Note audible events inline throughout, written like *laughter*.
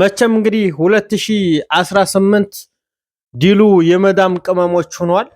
መቼም እንግዲህ 2018 ዲሉ የመዳም ቅመሞች ሆኗል።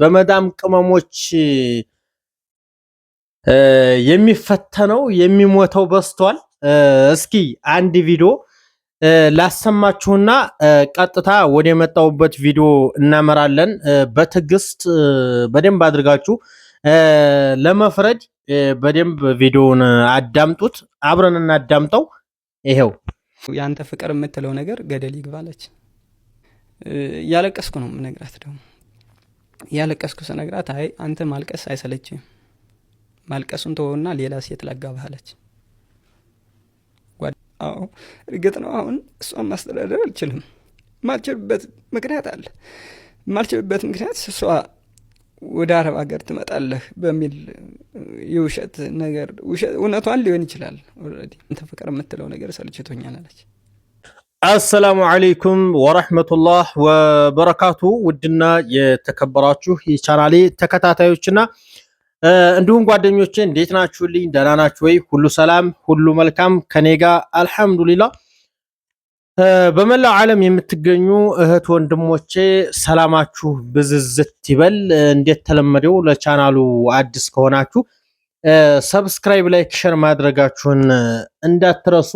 በመዳም ቅመሞች የሚፈተነው የሚሞተው በስቷል። እስኪ አንድ ቪዲዮ ላሰማችሁና ቀጥታ ወደ መጣሁበት ቪዲዮ እናመራለን። በትዕግስት በደንብ አድርጋችሁ ለመፍረድ በደንብ ቪዲዮውን አዳምጡት። አብረን እናዳምጠው። ይኸው የአንተ ፍቅር የምትለው ነገር ገደል ይግባለች። እያለቀስኩ ነው ምነግራት ደግሞ እያለቀስኩ ስነግራት አይ አንተ ማልቀስ አይሰለችም፣ ማልቀሱን ተወውና ሌላ ሴት ላጋባህለች አዎ እርግጥ ነው አሁን እሷን ማስተዳደር አልችልም። ማልችልበት ምክንያት አለ። ማልችልበት ምክንያት እሷ ወደ አረብ ሀገር ትመጣለህ በሚል የውሸት ነገር እውነቷን ሊሆን ይችላል። ኦልሬዲ ፍቅር የምትለው ነገር ሰልችቶኛል አለች። አሰላሙ አለይኩም ወረሕመቱላህ ወበረካቱ። ውድና የተከበራችሁ የቻናሌ ተከታታዮችና እንዲሁም ጓደኞቼ እንዴት ናችሁልኝ? ደህና ናችሁ ወይ? ሁሉ ሰላም፣ ሁሉ መልካም ከኔ ጋር አልሐምዱሊላህ በመላው ዓለም የምትገኙ እህት ወንድሞቼ ሰላማችሁ ብዝዝት ይበል። እንዴት ተለመደው ለቻናሉ አዲስ ከሆናችሁ ሰብስክራይብ፣ ላይክ፣ ሸር ማድረጋችሁን እንዳትረሱ።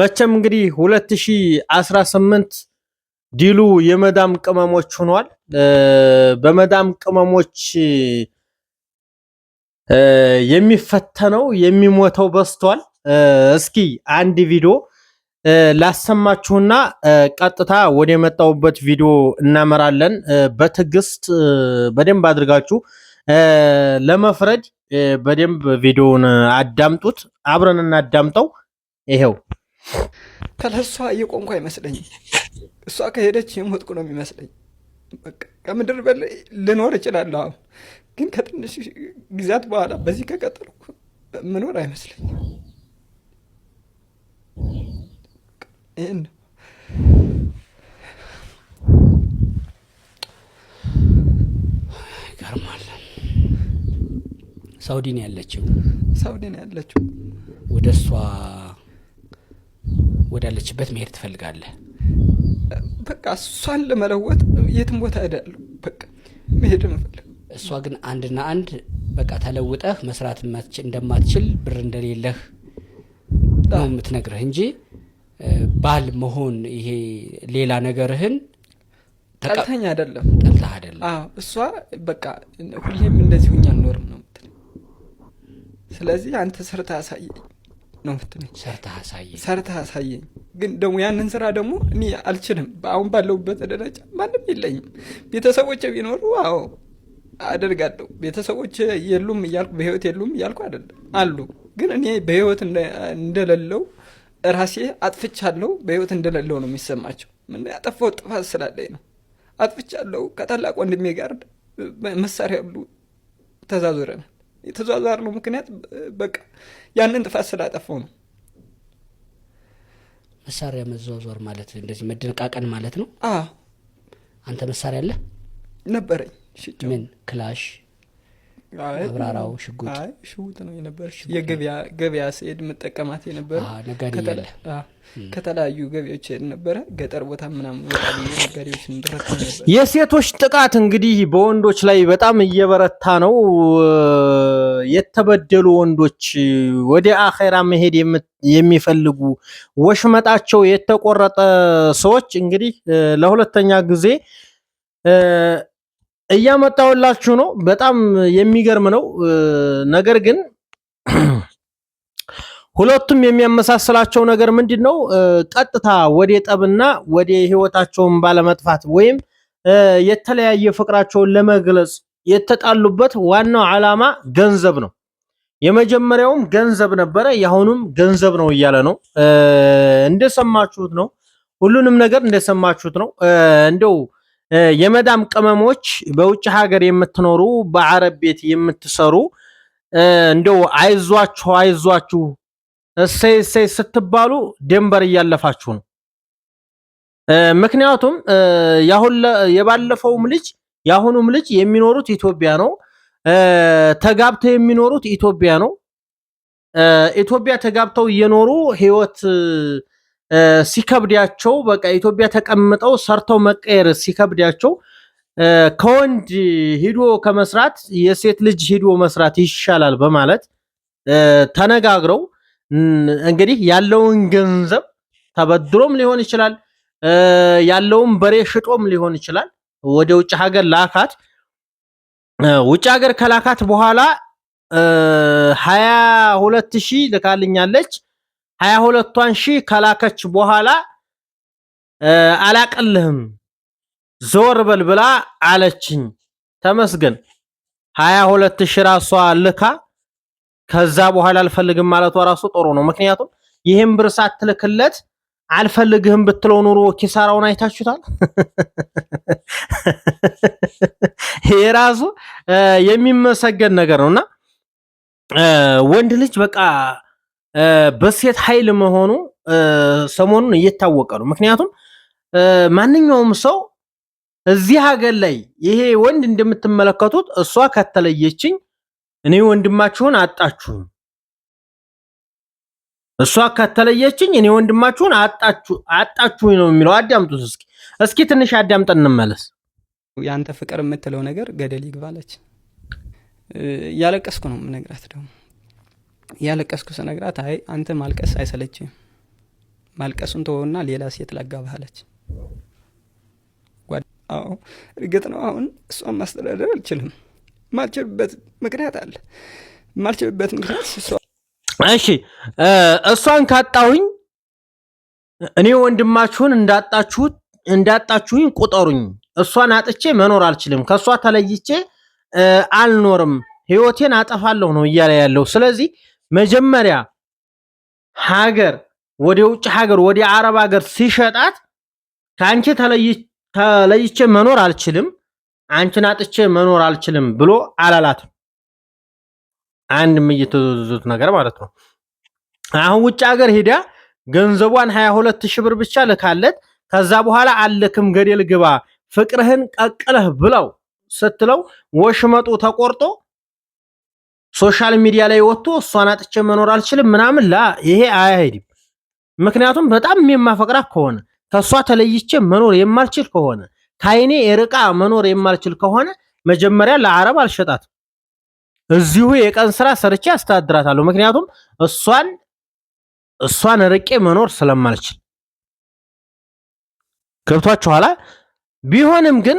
መቼም እንግዲህ 2018 ዲሉ የመዳም ቅመሞች ሆኗል። በመዳም ቅመሞች የሚፈተነው የሚሞተው በስቷል እስኪ አንድ ቪዲዮ ላሰማችሁና ቀጥታ ወደ የመጣሁበት ቪዲዮ እናመራለን። በትዕግስት በደንብ አድርጋችሁ ለመፍረድ በደንብ ቪዲዮውን አዳምጡት። አብረን እናዳምጠው። ይሄው ተለሷ እየቆምኩ አይመስለኝ። እሷ ከሄደች የሞትኩ ነው የሚመስለኝ። ከምድር በላይ ልኖር እችላለሁ። አሁን ግን ከትንሽ ጊዜያት በኋላ በዚህ ከቀጠልኩ ምኖር አይመስለኝም። in. ይገርማል። ሳውዲ ነው ያለችው፣ ሳውዲ ነው ያለችው። ወደ እሷ ወዳለችበት መሄድ ትፈልጋለህ? በቃ እሷን ለመለወጥ የትም ቦታ እሄዳለሁ። በቃ መሄድ እንፈልግ። እሷ ግን አንድና አንድ በቃ ተለውጠህ መስራት እንደማትችል ብር እንደሌለህ ነው የምትነግርህ እንጂ ባል መሆን ይሄ ሌላ ነገርህን ጠልተኝ አይደለም ጠልታ አይደለም። እሷ በቃ ሁሌም እንደዚህ ሁኛ አልኖርም ነው ምትል። ስለዚህ አንተ ሰርታ አሳየኝ ነው ምትል። ሰርተህ አሳየኝ፣ ሰርተህ አሳየኝ። ግን ደግሞ ያንን ስራ ደግሞ እኔ አልችልም። አሁን ባለሁበት ደረጃ ማንም የለኝም። ቤተሰቦች ቢኖሩ አዎ አደርጋለሁ። ቤተሰቦች የሉም እያልኩ በህይወት የሉም እያልኩ አደለም አሉ። ግን እኔ በህይወት እንደሌለው ራሴ አጥፍቻለሁ በህይወት እንደሌለው ነው የሚሰማቸው። ምን ያጠፋው ጥፋት ስላለኝ ነው። አጥፍቻለሁ። ከታላቅ ወንድሜ ጋር መሳሪያ ሁሉ ተዛዙረናል። ነው ምክንያት በቃ ያንን ጥፋት ስላጠፋው ነው። መሳሪያ መዘዋወር ማለት እንደዚህ መደነቃቀን ማለት ነው። አንተ መሳሪያ አለ ነበረኝ። ምን ክላሽ አብራራው ሽጉጥ ሽጉጥ ነው የነበር ገበያ ስሄድ መጠቀማት የነበር ከተለያዩ ገቢዎች ሄድ ነበረ። ገጠር ቦታ ምናምን ወጣ ነጋዴዎች የሴቶች ጥቃት እንግዲህ በወንዶች ላይ በጣም እየበረታ ነው። የተበደሉ ወንዶች ወደ አኼራ መሄድ የሚፈልጉ ወሽመጣቸው የተቆረጠ ሰዎች እንግዲህ ለሁለተኛ ጊዜ እያመጣሁላችሁ ነው። በጣም የሚገርም ነው። ነገር ግን ሁለቱም የሚያመሳስላቸው ነገር ምንድን ነው? ቀጥታ ወደ ጠብና ወደ ህይወታቸውን ባለመጥፋት ወይም የተለያየ ፍቅራቸውን ለመግለጽ የተጣሉበት ዋናው ዓላማ ገንዘብ ነው። የመጀመሪያውም ገንዘብ ነበረ፣ የአሁኑም ገንዘብ ነው እያለ ነው። እንደሰማችሁት ነው። ሁሉንም ነገር እንደሰማችሁት ነው። እንደው የመዳም ቅመሞች በውጭ ሀገር የምትኖሩ በአረብ ቤት የምትሰሩ እንደው አይዟችሁ አይዟችሁ እሰይ እሰይ ስትባሉ ደንበር እያለፋችሁ ነው። ምክንያቱም የባለፈውም ልጅ የአሁኑም ልጅ የሚኖሩት ኢትዮጵያ ነው። ተጋብተው የሚኖሩት ኢትዮጵያ ነው። ኢትዮጵያ ተጋብተው እየኖሩ ህይወት ሲከብዳቸው በቃ ኢትዮጵያ ተቀምጠው ሰርተው መቀየር ሲከብዳቸው ከወንድ ሂዶ ከመስራት የሴት ልጅ ሂዶ መስራት ይሻላል በማለት ተነጋግረው እንግዲህ ያለውን ገንዘብ ተበድሮም ሊሆን ይችላል፣ ያለውን በሬ ሽጦም ሊሆን ይችላል። ወደ ውጭ ሀገር ላካት። ውጭ ሀገር ከላካት በኋላ ሀያ ሁለት ሺህ ልካልኛለች ሀያ ሁለቷን ሺህ ከላከች በኋላ አላቀልህም ዞር በል ብላ አለችኝ። ተመስገን ሀያ ሁለት ሺህ ራሷ ልካ ከዛ በኋላ አልፈልግም ማለቷ ራሱ ጥሩ ነው። ምክንያቱም ይህም ብር ሳትልክለት አልፈልግህም ብትለው ኑሮ ኪሳራውን አይታችሁታል። *laughs* ይሄ ራሱ የሚመሰገን ነገር ነውና ወንድ ልጅ በቃ በሴት ኃይል መሆኑ ሰሞኑን እየታወቀ ነው። ምክንያቱም ማንኛውም ሰው እዚህ ሀገር ላይ ይሄ ወንድ እንደምትመለከቱት እሷ ከተለየችኝ እኔ ወንድማችሁን አጣችሁኝ፣ እሷ ከተለየችኝ እኔ ወንድማችሁን አጣችሁኝ ነው የሚለው። አዳምጡት እስኪ እስኪ ትንሽ አዳምጠን እንመለስ። ያንተ ፍቅር የምትለው ነገር ገደል ይግባለች። እያለቀስኩ ነው የምነግራት ደግሞ እያለቀስኩ ስነግራት አይ አንተ ማልቀስ አይሰለችም፣ ማልቀሱን ተወውና ሌላ ሴት ላጋ አለች። አዎ እርግጥ ነው አሁን እሷን ማስተዳደር አልችልም። ማልችልበት ምክንያት አለ። ማልችልበት ምክንያት እሺ፣ እሷን ካጣሁኝ እኔ ወንድማችሁን እንዳጣችሁት እንዳጣችሁኝ ቁጠሩኝ። እሷን አጥቼ መኖር አልችልም። ከእሷ ተለይቼ አልኖርም። ህይወቴን አጠፋለሁ ነው እያለ ያለው። ስለዚህ መጀመሪያ ሀገር ወደ ውጭ ሀገር ወደ አረብ ሀገር ሲሸጣት ከአንቺ ተለይቼ መኖር አልችልም፣ አንቺን አጥቼ መኖር አልችልም ብሎ አላላትም። አንድ የምትይዙት ነገር ማለት ነው። አሁን ውጭ ሀገር ሄዳ ገንዘቧን 22 ሺህ ብር ብቻ ልካለት ከዛ በኋላ አለክም ገደል ግባ ፍቅርህን ቀቅለህ ብለው ስትለው ወሽመጡ ተቆርጦ ሶሻል ሚዲያ ላይ ወጥቶ እሷን አጥቼ መኖር አልችልም ምናምን ላ ይሄ አያሄድም። ምክንያቱም በጣም የማፈቅራት ከሆነ ከእሷ ተለይቼ መኖር የማልችል ከሆነ ከአይኔ የርቃ መኖር የማልችል ከሆነ መጀመሪያ ለአረብ አልሸጣትም። እዚሁ የቀን ስራ ሰርቼ አስተዳድራታለሁ። ምክንያቱም እሷን እሷን ርቄ መኖር ስለማልችል ገብቷችኋላ። ቢሆንም ግን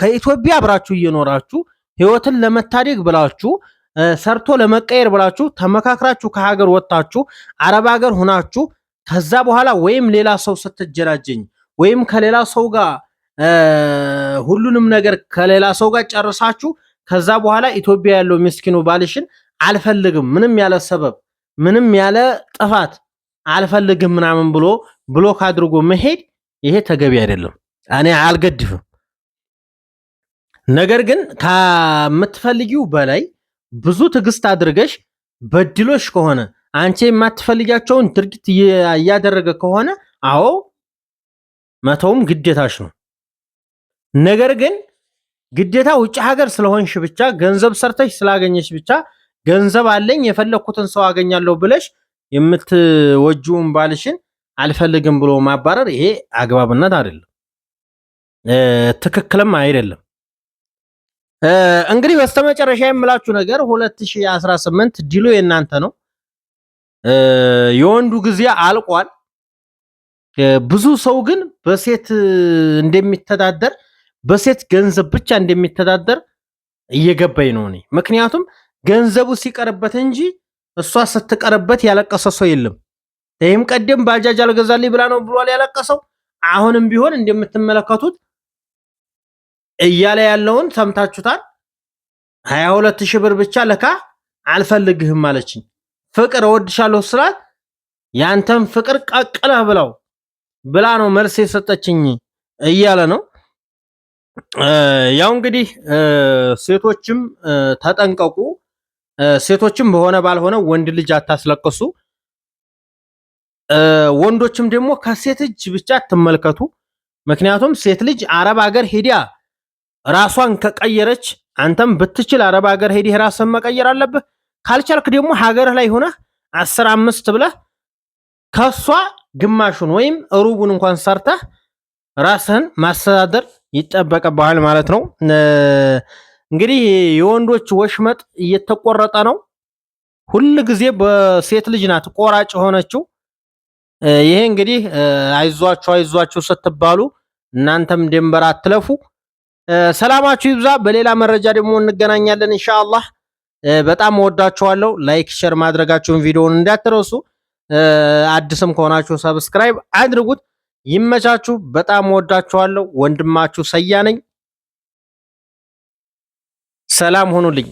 ከኢትዮጵያ አብራችሁ እየኖራችሁ ህይወትን ለመታደግ ብላችሁ ሰርቶ ለመቀየር ብላችሁ ተመካክራችሁ ከሀገር ወጥታችሁ አረብ ሀገር ሆናችሁ ከዛ በኋላ ወይም ሌላ ሰው ስትጀናጀኝ ወይም ከሌላ ሰው ጋር ሁሉንም ነገር ከሌላ ሰው ጋር ጨርሳችሁ ከዛ በኋላ ኢትዮጵያ ያለው ምስኪኑ ባልሽን አልፈልግም ምንም ያለ ሰበብ ምንም ያለ ጥፋት አልፈልግም ምናምን ብሎ ብሎክ አድርጎ መሄድ ይሄ ተገቢ አይደለም። እኔ አልገድፍም። ነገር ግን ከምትፈልጊው በላይ ብዙ ትዕግስት አድርገሽ በድሎሽ ከሆነ አንቺ የማትፈልጊያቸውን ድርጊት እያደረገ ከሆነ አዎ መተውም ግዴታሽ ነው። ነገር ግን ግዴታ ውጭ ሀገር ስለሆንሽ ብቻ ገንዘብ ሰርተሽ ስላገኘሽ ብቻ ገንዘብ አለኝ የፈለግኩትን ሰው አገኛለሁ ብለሽ የምትወጂውን ባልሽን አልፈልግም ብሎ ማባረር ይሄ አግባብነት አይደለም፣ ትክክልም አይደለም። እንግዲህ በስተመጨረሻ የምላችሁ ነገር 2018 ድሉ የእናንተ ነው። የወንዱ ጊዜ አልቋል። ብዙ ሰው ግን በሴት እንደሚተዳደር በሴት ገንዘብ ብቻ እንደሚተዳደር እየገባኝ ነው እኔ። ምክንያቱም ገንዘቡ ሲቀርበት እንጂ እሷ ስትቀርበት ያለቀሰ ሰው የለም። ይህም ቀደም ባጃጅ አልገዛልኝ ብላ ነው ብሏል ያለቀሰው። አሁንም ቢሆን እንደምትመለከቱት እያለ ያለውን ሰምታችሁታል። ሀያ ሁለት ሺህ ብር ብቻ ለካ አልፈልግህም አለችኝ። ፍቅር እወድሻለሁ ስላት ያንተም ፍቅር ቀቅለህ ብላው ብላ ነው መልስ የሰጠችኝ እያለ ነው። ያው እንግዲህ ሴቶችም ተጠንቀቁ። ሴቶችም በሆነ ባልሆነ ወንድ ልጅ አታስለቅሱ። ወንዶችም ደግሞ ከሴት እጅ ብቻ አትመልከቱ። ምክንያቱም ሴት ልጅ አረብ ሀገር ሄዲያ ራሷን ከቀየረች አንተም ብትችል አረብ ሀገር ሄደህ ራስህን መቀየር አለብህ። ካልቻልክ ደግሞ ሀገርህ ላይ ሆነ አስር አምስት ብለህ ከሷ ግማሹን ወይም ሩቡን እንኳን ሰርተህ ራስህን ማስተዳደር ይጠበቅብሃል ማለት ነው። እንግዲህ የወንዶች ወሽመጥ እየተቆረጠ ነው። ሁል ጊዜ በሴት ልጅ ናት ቆራጭ የሆነችው። ይሄ እንግዲህ አይዟችሁ አይዟችሁ ስትባሉ እናንተም ድንበር አትለፉ። ሰላማችሁ ይብዛ። በሌላ መረጃ ደግሞ እንገናኛለን ኢንሻአላህ። በጣም ወዳችኋለሁ። ላይክ፣ ሼር ማድረጋችሁን ቪዲዮውን እንዳትረሱ። አዲስም ከሆናችሁ ሰብስክራይብ አድርጉት። ይመቻችሁ። በጣም ወዳችኋለሁ። ወንድማችሁ ሰያ ነኝ። ሰላም ሆኑልኝ።